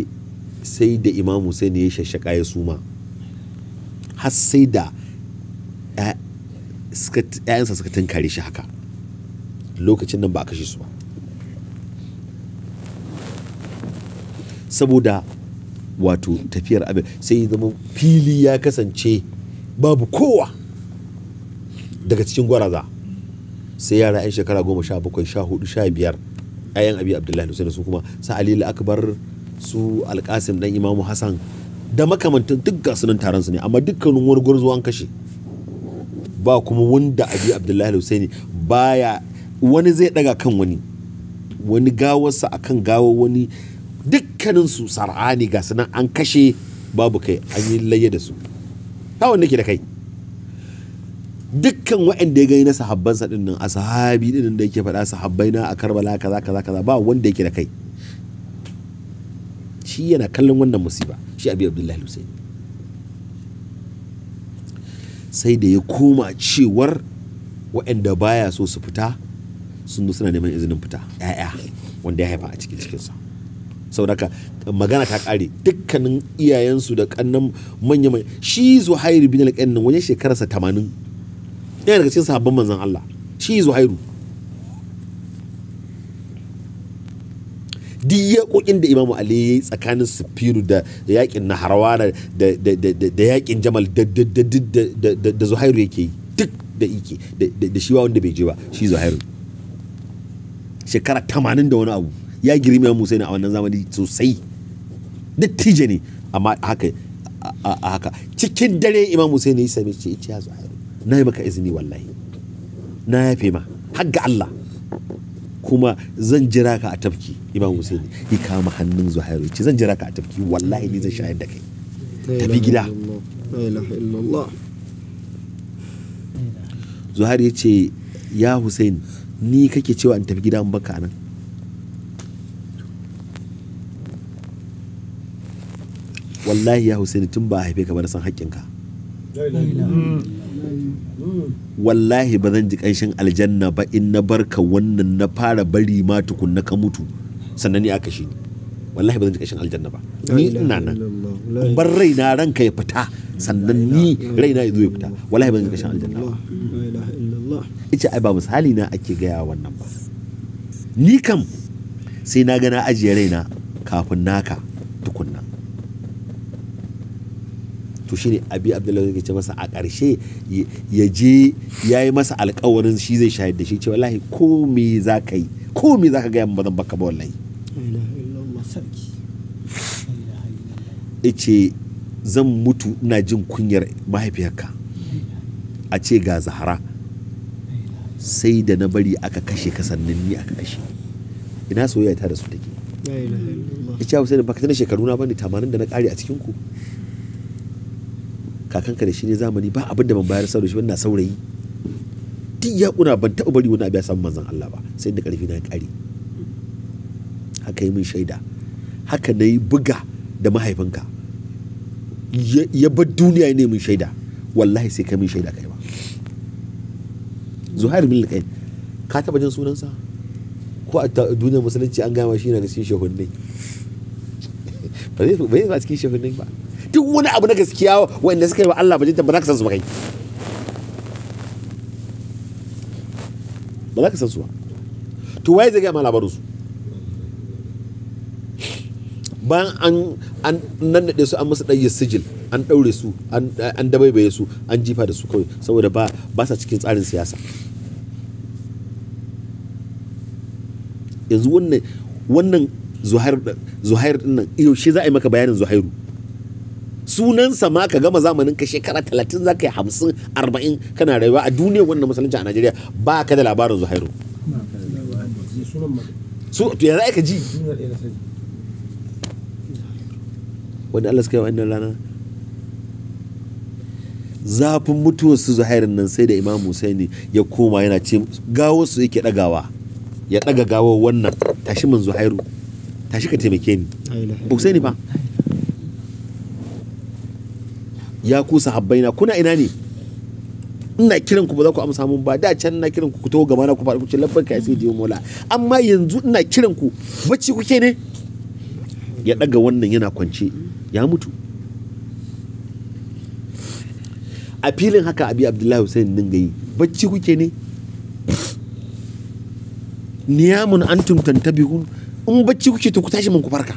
sai da imam hussein ya shashaka ya suma har sai da ‘ya'yansa suka kare shi haka lokacin nan ba a kashe su ba saboda wato tafiyar abin sai zama fili ya kasance babu kowa daga cikin gwaraza sai yara 'yan shekara goma sha bakwai sha hudu sha biyar ayan abi abdullahi da su kuma sa alilu akbar su alkasim dan imamu hassan da makamantan duk ga sunan taron su ne amma dukkanin wani zuwa an kashe ba kuma wanda abi abdullahi husaini baya wani zai daga kan wani wani gawarsa akan gawa wani dukkanin su sar'ani ga sunan an kashe babu kai an yi laye da su ta wanda ke da kai dukkan waɗanda ya gani na sahabbansa din nan sahabi din da yake faɗa sahabbai na a Karbala kaza kaza kaza ba wanda yake da kai shi yana kallon wannan musiba shi abi abdullahi husain sai da ya koma cewar waɗanda baya so su fita sun suna neman izinin fita ya'ya wanda ya haifa a cikin cikinsa saboda magana ta kare dukkanin iyayensu da kannan manya-manya shi zuhairu bin wani shekarar shekararsa tamanin yana daga cikin sabon manzan Allah shi Zuhairu duk yaƙoƙin da Imam Ali ya yi tsakanin Sifiru da yaƙin Naharawa da yaƙin Jamal da Zuhairu yake yi duk da ike da shi wanda bai je ba shi Zuhairu shekara 80 da wani abu ya girma ya Musa ne a wannan zamani sosai tije ne amma haka cikin dare Imam Musa ne ya same shi ya ce ya Zuhairu na yi maka izini wallahi na yafe ma har ga Allah kuma zan jira ka a tafki imam Hussein ya kama hannun Zuhairu ce zan jira ka a tafki wallahi ni zan shayar da kai tafi gida Zuhairu ya ce ya Hussein ni kake cewa in tafi gida in baka nan wallahi ya Hussein tun ba haife ka ba da san haƙƙinka wallahi ba zan ji ƙanshin aljanna ba in na barka wannan na fara bari ma tukun na ka mutu sannan ni aka shi wallahi ba zan ji ƙanshin aljanna ba ni ina nan bar raina ranka ya fita sannan ni raina ya zo ya fita wallahi ba zan ji ƙanshin aljanna ba ita ai ba misali na ake gaya wannan ba ni kam sai na gana ajiye raina kafin naka tukunna to shine abi abdullahi yake ce masa a ƙarshe ya je ya yi masa alkawarin shi zai shahid da shi ce wallahi ko me za ka yi ko me za ka gaya min ba zan baka ba wallahi ce zan mutu ina jin kunyar mahaifiyarka a ce ga zahara sai da na bari aka kashe ka sannan ni aka kashe ina soyayya ta da su take ce hausa da baka tana shekaru na bane tamanin da na kare a cikin ku kakanka da shi ne zamani ba abin da ban bayar sauri da shi wannan saurayi duk ya kuna ban taɓa bari wani abu ya samu manzan Allah ba sai da ƙarfi na ƙari haka yi min shaida haka na yi buga da mahaifinka ya bar duniya ne min shaida wallahi sai ka min shaida kai ba zuhair bin lakai ka taɓa jin sunansa ko a duniyar musulunci an gama shi na cikin shahunnai ba zai ba cikin shahunnai ba wani abu na gaskiya wanda suka yi wa Allah bajinta ba za ka san su ba kai ba za ka san su ba to waye zai gaya ma labarin su bayan an an da su an musu ɗanyi sijil an ɗaure su an dabaibaye su an jifa da su kawai saboda ba ba sa cikin tsarin siyasa yanzu wannan wannan zuhair din nan yaushe za a yi maka bayanin zuhairu sunansa ma ka gama zamanin ka shekara talatin za ka yi hamsin arba'in kana rayuwa a duniya wannan musulunci a najeriya ba ka da labarin zuhairu su to ji wanda allah suka yi wa'annan rana zafin mutuwar su nan sai da imam musaini ya koma yana ce gawo su yake dagawa ya daga gawo wannan tashi min zuhairu tashi ka taimake ni husaini fa ya ku sahabbaina kuna ina ne ina kiran ku ba za ku amsa mun ba da can na kiran ku ku taho gaba na ku faɗi ku ce labbar ka sai jiyo mola amma yanzu ina kiran ku bacci kuke ne ya daga wannan yana kwance ya mutu a filin haka abi abdullahi hussein din gayi bacci kuke ne niyamun antum tantabihun in bacci kuke to ku tashi mun ku farka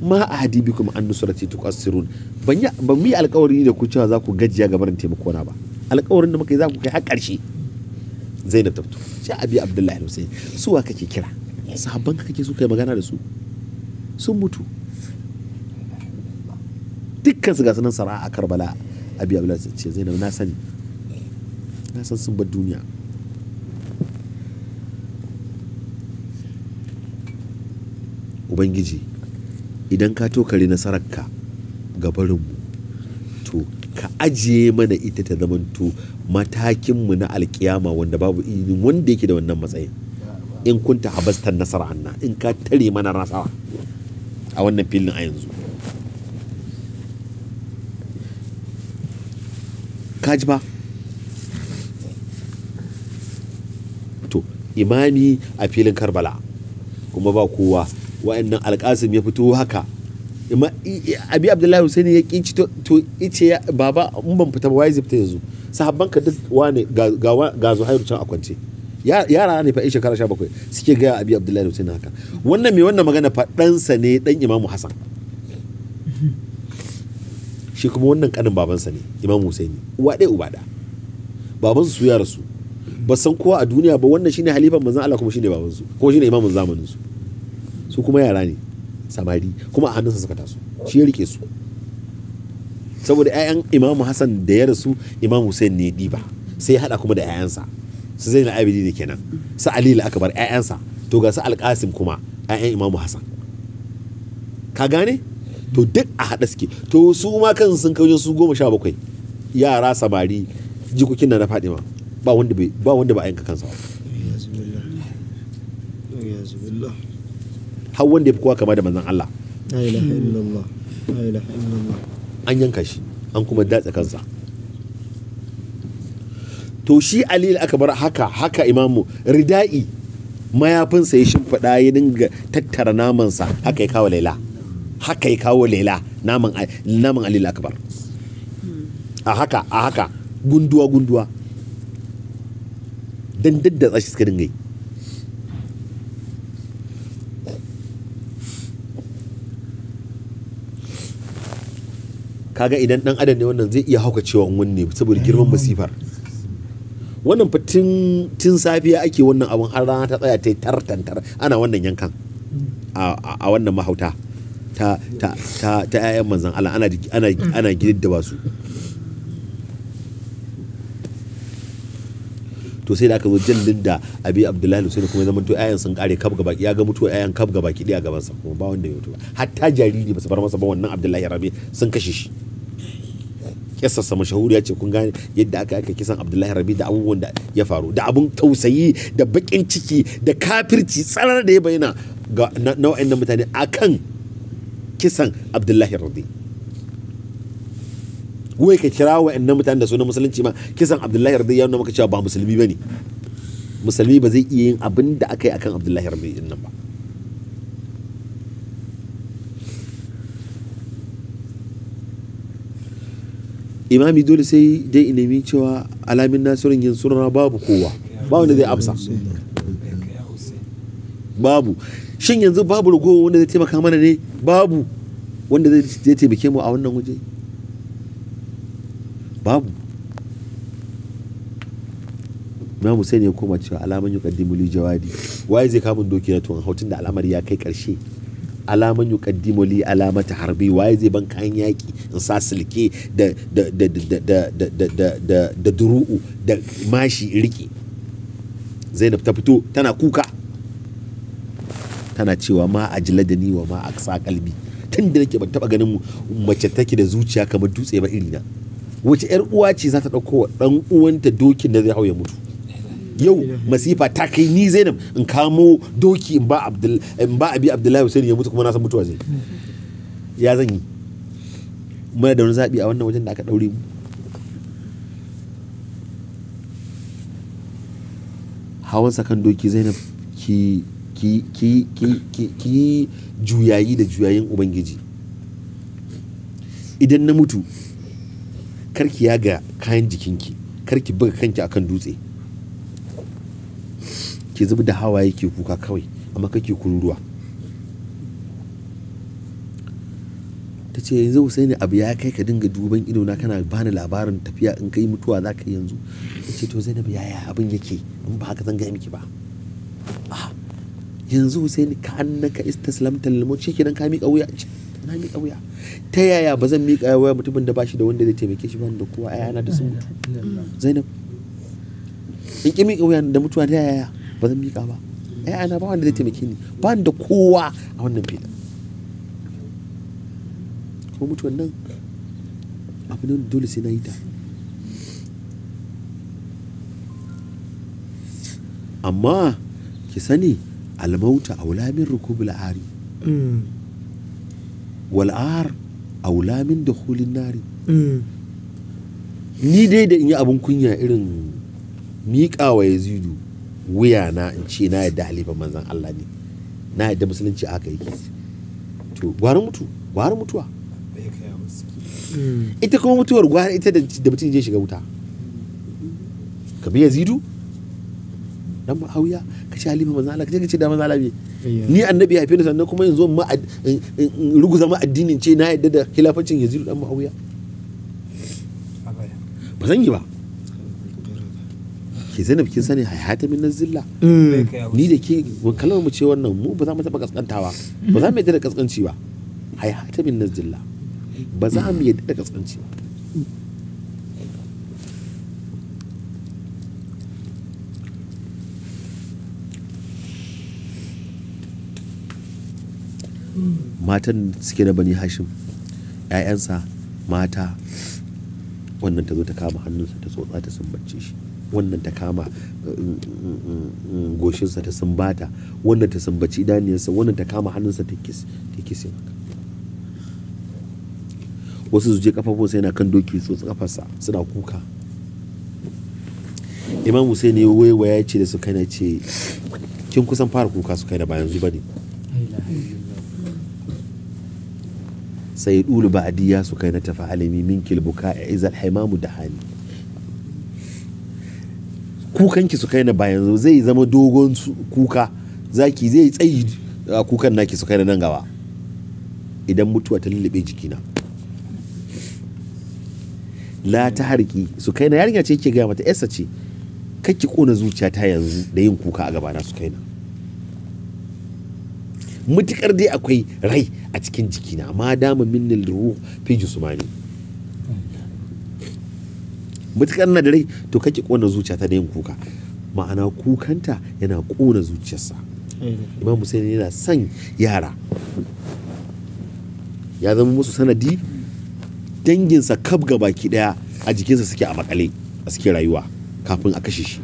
ma ahadi kuma an nusrati tuqassirun ban yi ban yi alƙawari da ku cewa za ku gajiya ga barin taimako na ba alƙawarin da muka yi za ku kai har ƙarshe Zainab tabtu sai Abi Abdullahi Hussein su wa kake kira sahabban ka kake so kai magana da su sun mutu dukkan su ga sunan sara a Karbala Abi Abdullahi ce Zainab na sani na san sun bar duniya Ubangiji idan ka tokari nasararka ga barinmu to ka ajiye mana ita ta zamanto matakinmu na alkiyama wanda babu ilimin wanda yake da wannan matsayin in kunta habastar nasara anna in ka tare mana nasara a wannan filin a yanzu kaji ba to imami a filin karbala kuma ba kowa wa'annan alkasim ya fito haka abi abdullahi Hussaini ya ci to ice baba in ban fita ba wai zai fita yanzu sahabban ka duk wane ga zuhairu can a kwance yara ne fa'in shekara sha bakwai suke gaya abi abdullahi Hussaini haka wannan mai wannan magana fa ɗansa ne ɗan imamu Hassan. shi kuma wannan kanin babansa ne imamu husaini uwa ɗaya uba ɗaya babansu su ya rasu ba san kowa a duniya ba wannan shine halifan manzon Allah kuma shine babansu ko shine imamun zamanin su su kuma yara ne samari kuma a hannunsa suka taso shi ya rike su saboda 'ya'yan imamu hassan da ya rasu imamu hussein ne diba sai ya hada kuma da 'ya'yansa su zai na abidi ne kenan sa alila aka bar 'ya'yansa to ga su alkasim kuma 'ya'yan imamu hassan ka gane to duk a haɗa suke to su ma kan sun kauje su goma sha bakwai yara samari jikokin na na fadima ba wanda ba a yanka kansa ba har wanda ya fi kowa kama da manzan Allah an yanka shi an kuma datse kansa to shi alil aka bar haka haka imamu rida'i mayafinsa ya shimfiɗa ya dinga tattara namansa haka ya kawo laila haka ya kawo laila naman alil bar. a haka a haka gunduwa gunduwa Dan daddatsa shi suka dinga yi kaga idan dan adam ne wannan zai iya hauka cewa wanne saboda girman mm. masifar wannan fa tun safiya ake wannan abun har rana ta tsaya ta tartantar ana wannan yankan a wannan mahauta ta ta ta ta ƴaƴan manzon Allah ana ana mm. ana gidda su to sai da aka zo jallin da abi abdullahi sai kuma zaman to ayan sun kare kaf gaba ya ga mutuwa ayan kaf gaba ki a gaban sa kuma ba wanda ya mutu hatta jariri ba su bar masa ba wannan abdullahi rabi sun kashe shi kisarsa mashahuriya ce kun gane yadda aka aka kisan abdullahi rabi da abubuwan da ya faru da abun tausayi da bakin ciki da kafirci tsarar da ya bayyana ga nau'in na mutane akan kisan abdullahi rabi wai ka kira wa'annan mutane da sunan musulunci ma kisan abdullahi rabi ya nuna maka cewa ba musulmi ba ne musulmi ba zai iya yin abin da aka yi akan abdullahi rabi ba imami dole sai dai inemi cewa alamin nasirin yin surra babu kowa ba wanda zai amsa babu shin yanzu babu ragowa wanda zai taimaka mana ne babu wanda zai taimake mu a wannan waje babu na Hussein ne koma cewa alaman yukaddimu li jawadi waye zai kamun doki na tun hautun da alamar ya kai karshe alaman yuqaddimu li alamata harbi waye zai ban kayan yaki in sa silke da da da da da da da duru'u da mashi rike? Zainab ta fito tana kuka tana cewa ma ajila da ni wa ma aksa kalbi tun da nake ban taba ganin mace take da zuciya kamar dutse ba irina wace yar uwa ce za ta dauko wa dan uwanta dokin da zai hau ya mutu yau masifa ta kai ni zainab in kamo doki in ba abi abdullahi hussein ya mutu kuma na san mutuwa zai ya zan yi mana da wani zaɓi a wannan wajen da aka ɗaure mu hawan sakan doki zainab ki yi juyayi da juyayin ubangiji idan na mutu karki yaga kayan jikinki karki buga kanki akan dutse ke zubi da hawaye ke kuka kawai amma kake kururuwa ta ce yanzu ne abu ya kai ka dinga duban idona kana bani labarin tafiya in kai mutuwa za ka yanzu ta ce to Zainab yaya abin yake in ba haka zan gaya miki ba ah, yanzu ne ka annaka istaslamta lil maut shikenan ka miƙa wuya na miƙa wuya ta yaya ba zan miƙa wuya mutumin da ba shi da wanda zai taimake shi ba da kowa ayana da sun mutu Zainab in ki miƙa wuya da mutuwa ta yaya ba zan miƙa ba ana ba wanda zai taimake ni ba da kowa a wannan fili ko mutuwan nan abu ne dole sai na yi ta amma ki sani almauta a min rukun ari mm. wal'ar a wulamin min dukhulin nari mm. ni dai da in yi abin kunya irin miƙa wa yazidu wuya na in ce na yadda halifan manzan Allah ne na yadda musulunci haka yake to gwarin mutu gwarin mutuwa hmm. ita kuma mutuwar gwarin ita da mutum je shiga wuta ka biya yazidu dan ma'auya ka sha halifan manzan Allah ka je ka ce da manzan Allah ni annabi ya haife ni sannan kuma yanzu ma ruguza ma addinin ce na yadda da khilafancin yazidu dan ma'auya ba zan yi ba ke zainab kin sani hayata min zilla mm. ni da ke kalmar mu ce wannan mu ba za mu taɓa kaskantawa ba za mu yadda da kaskanci ba hayata min zilla ba za mu yadda da kaskanci ba matan suke da bani hashim 'ya'yansa mata wannan ta zo ta kama hannunsa ta tsotsa ta sumbace shi wannan ta kama mm, mm, mm, goshinsa ta sumbata wannan ta sumbaci idaniyarsa wannan ta kama hannunsa ta kisi wasu su je kafafunsa yana kan doki tsotsi kafarsa suna kuka imam hussein ne waiwa ya ce da su kai na ce kin kusan fara kuka su kai da bayan zuba ne sai dulu ba'adiyya su kai na tafi alimi min kilbuka a izal haimamu da hani kukanki su kai na bayan zai zama dogon kuka zaki zai tsayi a kukan naki su kai na nan gaba idan mutuwa ta lullube jikina la ta harki su kai na yarinya ce ke gaya mata yasa ce kakki kona zuciya ta yanzu da yin kuka a gabana su kai na mutukar dai akwai rai a cikin jikina ma dama minnil ruhu fi jisumani matuƙar na da rai to kake kona zuciya ta da yin kuka ma'ana kukanta yana kona zuciyarsa eh. imam Hussein yana son yara ya zama musu sanadi danginsa kaf ga baki daya a jikinsa suke a makale a suke rayuwa kafin a kashe shi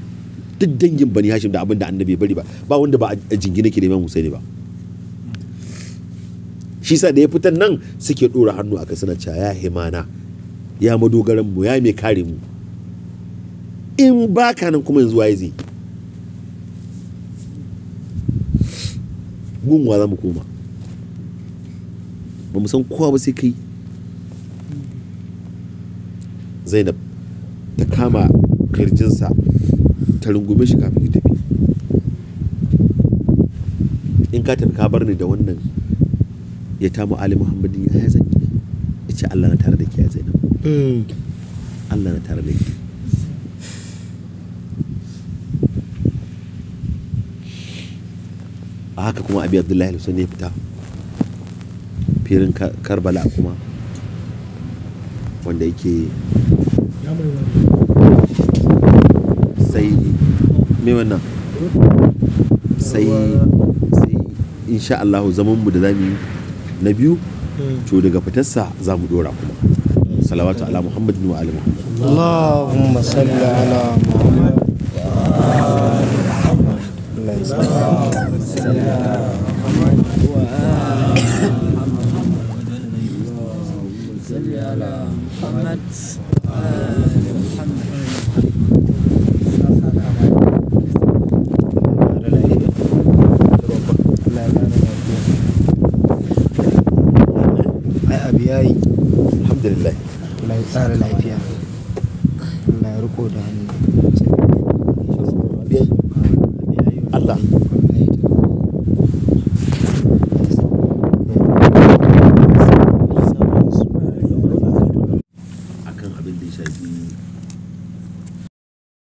duk dangin bani hashim da abin da annabi bari ba ba wanda ba a jingina ke neman husaini ba shi sa da ya fitan nan suke ɗora hannu a suna cewa ya himana ya madogaran mu ya mai kare mu in ba ka nan kuma yanzu waye zai gunwa za mu koma ba mu san kowa ba sai kai zainab ta kama kirjinsa ta rungume shi kafin ya tafi in ka tafi ka bar ni da wannan ya tamu ali muhammadin ya zan ya ce allah na tare da ke ya zainab mm. allah na tare da ke a haka kuma abi abdullahi al ya fita firin karbala kuma wanda yake sai mai wannan sai sai insha allahu zaman mu da zamu na biyu to daga fitarsa za mu dora kuma salawatu ala muhammad wa ala muhammad Allahumma salli ala muhammad wa ala muhammad Yeah.